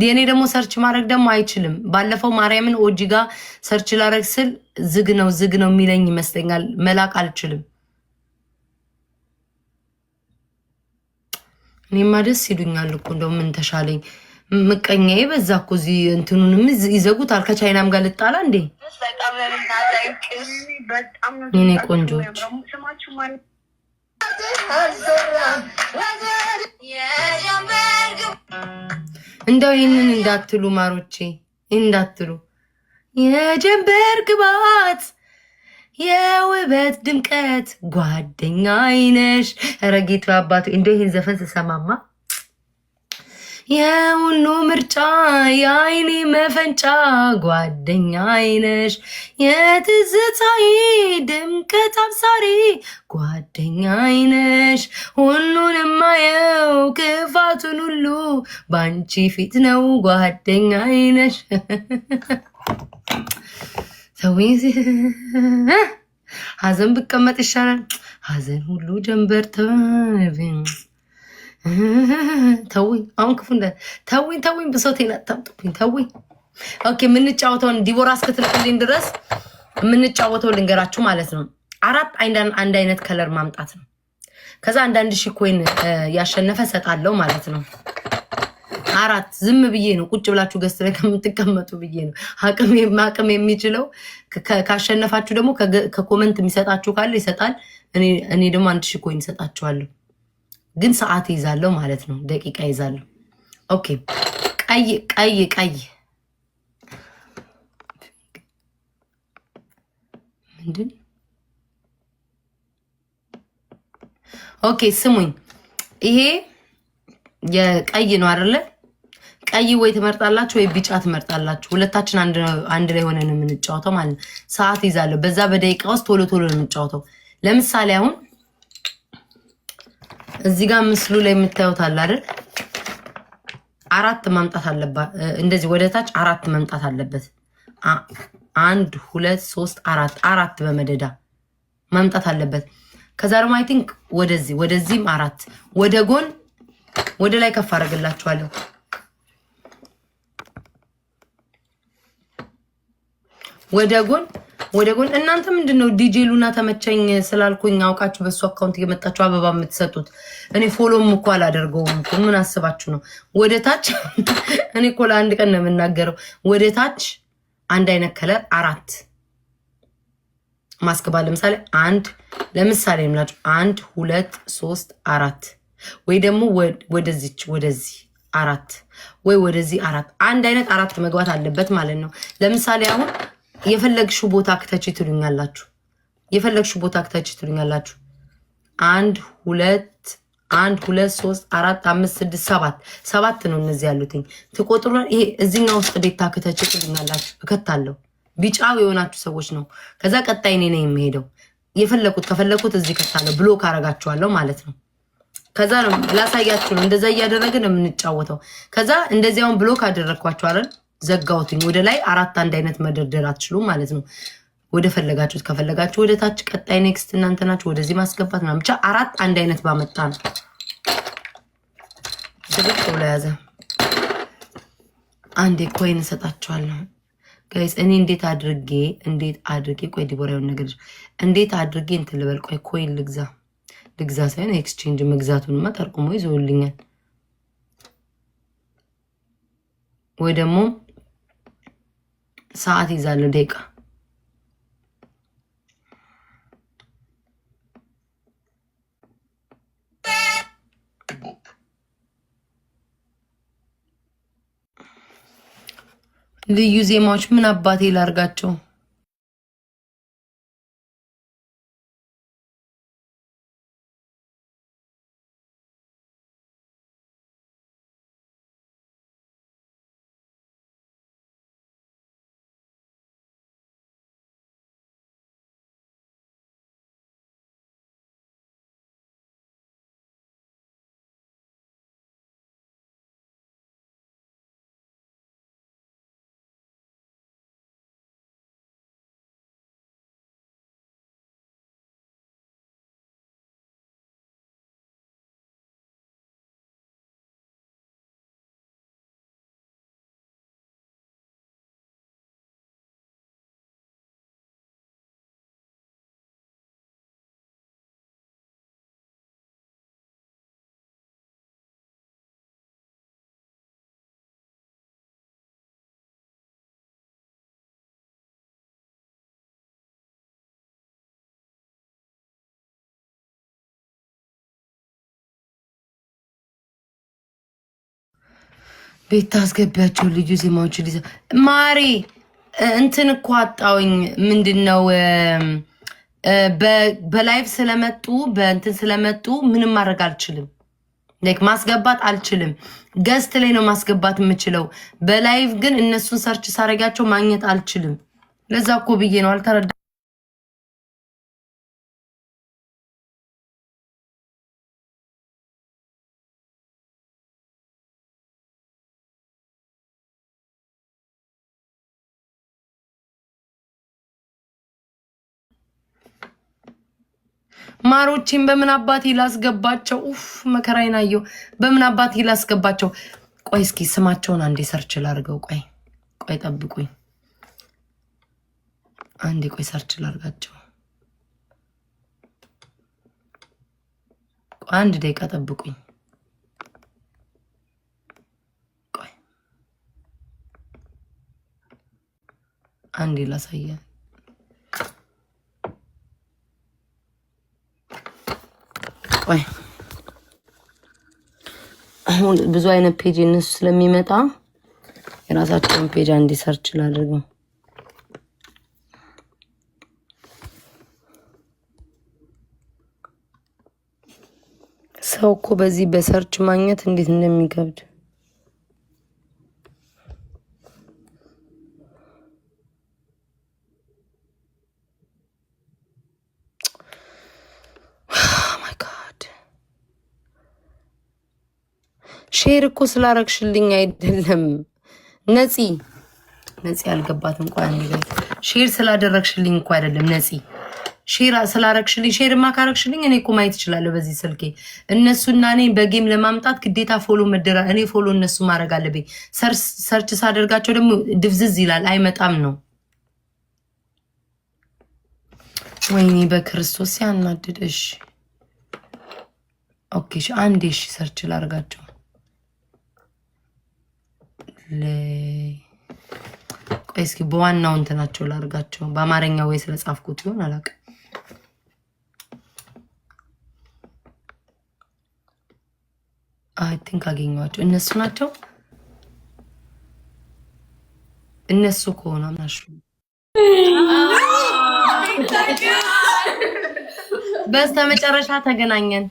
ዲኤንኤ ደግሞ ሰርች ማድረግ ደግሞ አይችልም። ባለፈው ማርያምን ኦጂ ጋ ሰርች ላረግ ስል ዝግ ነው ዝግ ነው የሚለኝ ይመስለኛል። መላክ አልችልም። እኔማ ደስ ይሉኛል እኮ እንደው ምን ተሻለኝ። ምቀኛዬ በዛ እኮ እዚህ እንትኑንም ይዘጉታል። ከቻይናም ጋር ልጣላ እንዴ የኔ ቆንጆች እንደው ይህንን እንዳትሉ ማሮቼ፣ እንዳትሉ የጀንበር ግባት የውበት ድምቀት ጓደኛ አይነሽ ረጌቱ አባቱ እንደው ይህን ዘፈን ስሰማማ የሁሉ ምርጫ የአይኔ መፈንጫ ጓደኛ አይነሽ የትዝታዬ ድምቀት አብሳሪ ጓደኛ አይነሽ ሁሉንም ማየው ክፋቱን ሁሉ ባንቺ ፊት ነው ጓደኛ አይነሽ ሰው ሀዘን ብቀመጥ ይሻላል ሀዘን ሁሉ ጀንበር ተውኝ፣ አሁን ክፉ ተውኝ፣ ተውኝ፣ ብሶቴን አታምጡብኝ፣ ተውኝ። ኦኬ፣ የምንጫወተውን ዲቦራ እስክትልክልኝ ድረስ የምንጫወተው ልንገራችሁ ማለት ነው። አራት አንድ አይነት ከለር ማምጣት ነው። ከዛ አንዳንድ ሺህ ኮይን ያሸነፈ ሰጣለው ማለት ነው። አራት ዝም ብዬ ነው ቁጭ ብላችሁ ገዝት ላይ ከምትቀመጡ ብዬ ነው። አቅም የሚችለው ካሸነፋችሁ ደግሞ ከኮመንት የሚሰጣችሁ ካለ ይሰጣል። እኔ ደግሞ አንድ ሺህ ኮይን ይሰጣችኋለሁ። ግን ሰዓት ይዛለሁ ማለት ነው። ደቂቃ ይዛለሁ። ኦኬ ቀይ ቀይ ቀይ ምንድን ኦኬ ስሙኝ፣ ይሄ የቀይ ነው አይደለ? ቀይ ወይ ትመርጣላችሁ ወይ ቢጫ ትመርጣላችሁ። ሁለታችን አንድ ላይ ሆነን የምንጫወተው ማለት ነው። ሰዓት ይዛለሁ። በዛ በደቂቃ ውስጥ ቶሎ ቶሎ ነው የምንጫወተው። ለምሳሌ አሁን እዚህ ጋር ምስሉ ላይ የምታዩት አለ አይደል? አራት መምጣት አለበት። እንደዚህ ወደ ታች አራት መምጣት አለበት። አንድ ሁለት ሶስት አራት አራት በመደዳ መምጣት አለበት። ከዛ ደግሞ አይ ቲንክ ወደዚህ ወደዚህም አራት ወደ ጎን ወደ ላይ ከፍ አደርግላችኋለሁ። ወደ ጎን ወደ ጎን እናንተ ምንድን ነው ዲጄ ሉና ተመቸኝ ስላልኩኝ አውቃችሁ በሱ አካውንት እየመጣችሁ አበባ የምትሰጡት? እኔ ፎሎም እኮ አላደርገውም። ምን አስባችሁ ነው? ወደ ታች እኔ እኮ ለአንድ ቀን ነው የምናገረው። ወደ ታች አንድ አይነት ከለር አራት ማስክ ለምሳሌ አንድ ለምሳሌ የምላችሁ አንድ ሁለት ሶስት አራት ወይ ደግሞ ወደዚች ወደዚህ አራት ወይ ወደዚህ አራት አንድ አይነት አራት መግባት አለበት ማለት ነው። ለምሳሌ አሁን የፈለግሹ ቦታ ክተች ትሉኛላችሁ። የፈለግሹ ቦታ ክተች ትሉኛላችሁ። አንድ ሁለት አንድ ሁለት ሶስት አራት አምስት ስድስት ሰባት ሰባት ነው። እነዚህ ያሉትኝ ትቆጥሩ። ይሄ እዚኛ ውስጥ ቤታ ክተች ትሉኛላችሁ። እከታለሁ። ቢጫው የሆናችሁ ሰዎች ነው። ከዛ ቀጣይ እኔ ነው የሚሄደው። የፈለኩት ከፈለኩት እዚህ እከታለሁ። ብሎክ አረጋችኋለሁ ማለት ነው። ከዛ ነው ላሳያችሁ ነው። እንደዛ እያደረግን የምንጫወተው። ከዛ እንደዚያውን ብሎክ አደረግኳቸው አይደል ዘጋውትኝ ወደ ላይ አራት አንድ አይነት መደርደር አትችሉ ማለት ነው። ወደ ፈለጋችሁት ከፈለጋችሁ ወደ ታች፣ ቀጣይ ኔክስት እናንተ ናችሁ። ወደዚህ ማስገባት ነው። ብቻ አራት አንድ አይነት ባመጣ ነው ስልክ ለያዘ አንዴ ኮይን እሰጣችኋለሁ ጋይስ። እኔ እንዴት አድርጌ እንዴት አድርጌ ቆይ ዲቦራዩን ነገር እንዴት አድርጌ እንትን ልበል ቆይ ኮይን ልግዛ ልግዛ ሳይሆን ኤክስቼንጅ መግዛቱንማ ጠርቁሞ ይዘውልኛል ወይ ደግሞ ሰዓት ይዛለሁ ደቂቃ ልዩ ዜማዎች ምን አባቴ ላርጋቸው? ቤት ታስገቢያቸው ልዩ ዜማዎች ሊዘ ማሪ እንትን እኮ አጣውኝ። ምንድን ነው በላይቭ ስለመጡ በእንትን ስለመጡ ምንም ማድረግ አልችልም፣ ማስገባት አልችልም። ገስት ላይ ነው ማስገባት የምችለው። በላይቭ ግን እነሱን ሰርች ሳረጋቸው ማግኘት አልችልም። ለዛ እኮ ብዬ ነው አልተረዳ ማሮቼን በምን አባቴ ላስገባቸው? ኡፍ መከራዬን አየሁ። በምን አባቴ ላስገባቸው? ቆይ እስኪ ስማቸውን አንዴ ሰርች ላርገው። ቆይ ቆይ ጠብቁኝ አንዴ ቆይ ሰርች ላርጋቸው። አንድ ደቂቃ ጠብቁኝ። ቆይ አንዴ ላሳያል ቆይ አሁን ብዙ አይነት ፔጅ እነሱ ስለሚመጣ የራሳቸውን ፔጅ እንዲሰርች ሰርች ላድርገው። ሰው እኮ በዚህ በሰርች ማግኘት እንዴት እንደሚከብድ ሼር እኮ ስላረግሽልኝ አይደለም ነፂ ነፂ ያልገባት እንኳ ሼር ስላደረግሽልኝ እንኳ አይደለም ነፂ ሼር ስላረግሽልኝ ሼር ማ ካረግሽልኝ እኔ እኮ ማየት እችላለሁ በዚህ ስልኬ። እነሱና እኔ በጌም ለማምጣት ግዴታ ፎሎ መደራ እኔ ፎሎ እነሱ ማድረግ አለብኝ። ሰርች ሳደርጋቸው ደግሞ ድብዝዝ ይላል አይመጣም ነው። ወይኔ በክርስቶስ ያናድድሽ ኦኬ፣ አንዴ ሰርች ላርጋቸው ቆይ እስኪ በዋናው እንትናቸው ላድርጋቸው። በአማርኛ ወይ ስለጻፍኩት ይሆን አላውቅም። አይ ቲንክ አገኘኋቸው። እነሱ ናቸው። እነሱ ከሆነ ምናሽ በስተመጨረሻ ተገናኘን።